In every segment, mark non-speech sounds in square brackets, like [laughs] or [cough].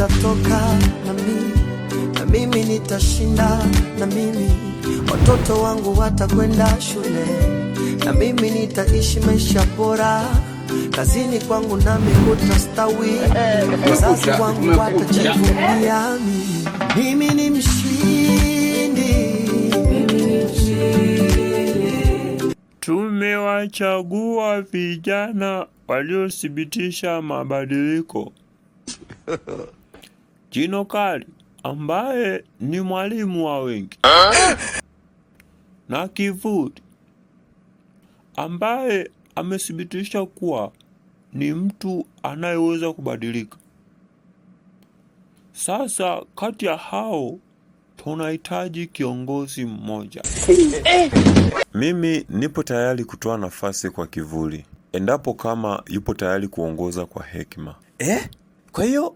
utatoka na mimi na mimi nitashinda na mimi, watoto wangu watakwenda shule na mimi nitaishi maisha bora kazini kwangu nami kutastawi, wazazi wangu watajivunia mimi. Mimi ni mshindi, tumewachagua vijana waliothibitisha mabadiliko [laughs] Jino Kali ambaye ni mwalimu wa wengi na Kivuli ambaye amethibitisha kuwa ni mtu anayeweza kubadilika. Sasa kati ya hao tunahitaji kiongozi mmoja. Mimi nipo tayari kutoa nafasi kwa Kivuli endapo kama yupo tayari kuongoza kwa hekima. Eh? Kwa hiyo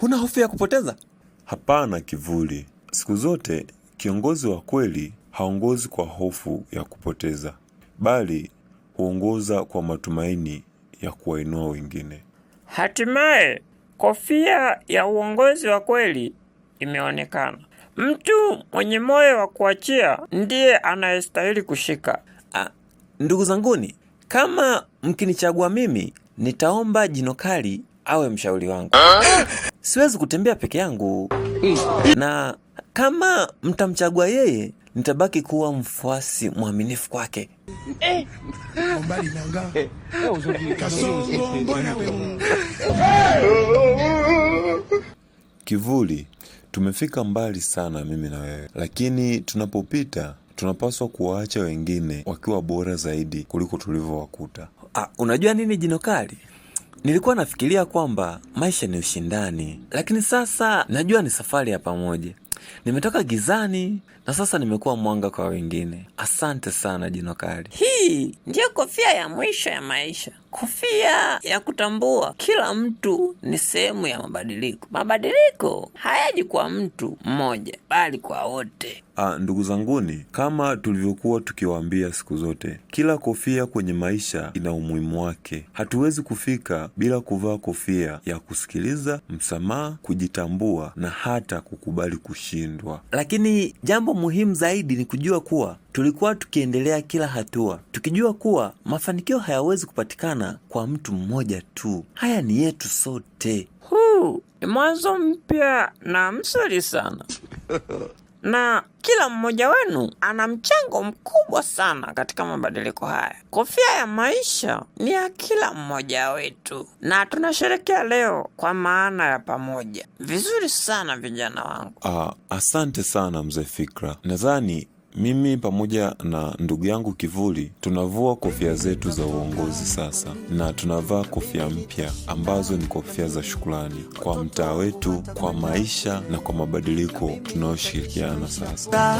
Huna hofu ya kupoteza? Hapana, Kivuli. Siku zote kiongozi wa kweli haongozi kwa hofu ya kupoteza, bali huongoza kwa matumaini ya kuwainua wengine. Hatimaye kofia ya uongozi wa kweli imeonekana. Mtu mwenye moyo wa kuachia ndiye anayestahili kushika. A, ah, ndugu zanguni, kama mkinichagua mimi, nitaomba jino kali awe mshauri wangu. Siwezi kutembea peke yangu, hmm. na kama mtamchagua yeye, nitabaki kuwa mfuasi mwaminifu kwake. Kivuli, tumefika mbali sana mimi na wewe, lakini tunapopita tunapaswa kuwaacha wengine wakiwa bora zaidi kuliko tulivyowakuta. Ah, unajua nini jino kali? Nilikuwa nafikiria kwamba maisha ni ushindani, lakini sasa najua ni safari ya pamoja. Nimetoka gizani na sasa nimekuwa mwanga kwa wengine. Asante sana Jino Kali. Hii ndiyo kofia ya mwisho ya maisha, kofia ya kutambua kila mtu ni sehemu ya mabadiliko. Mabadiliko hayaji kwa mtu mmoja, bali kwa wote. Ah, ndugu zanguni, kama tulivyokuwa tukiwaambia siku zote, kila kofia kwenye maisha ina umuhimu wake. Hatuwezi kufika bila kuvaa kofia ya kusikiliza, msamaha, kujitambua na hata kukubali kushindwa. Lakini jambo muhimu zaidi ni kujua kuwa tulikuwa tukiendelea kila hatua, tukijua kuwa mafanikio hayawezi kupatikana kwa mtu mmoja tu. Haya ni yetu sote. Huu ni mwanzo mpya na msuri sana. [laughs] na kila mmoja wenu ana mchango mkubwa sana katika mabadiliko haya. Kofia ya maisha ni ya kila mmoja wetu, na tunasherekea leo kwa maana ya pamoja. Vizuri sana vijana wangu. Uh, asante sana mzee Fikra, nadhani mimi pamoja na ndugu yangu Kivuli tunavua kofia zetu za uongozi sasa, na tunavaa kofia mpya ambazo ni kofia za shukrani kwa mtaa wetu, kwa maisha na kwa mabadiliko tunayoshirikiana sasa.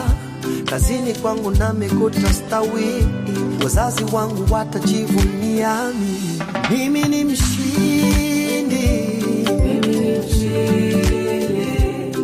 Kazini kwangu nami stawi, wazazi wangu watajivunia mimi.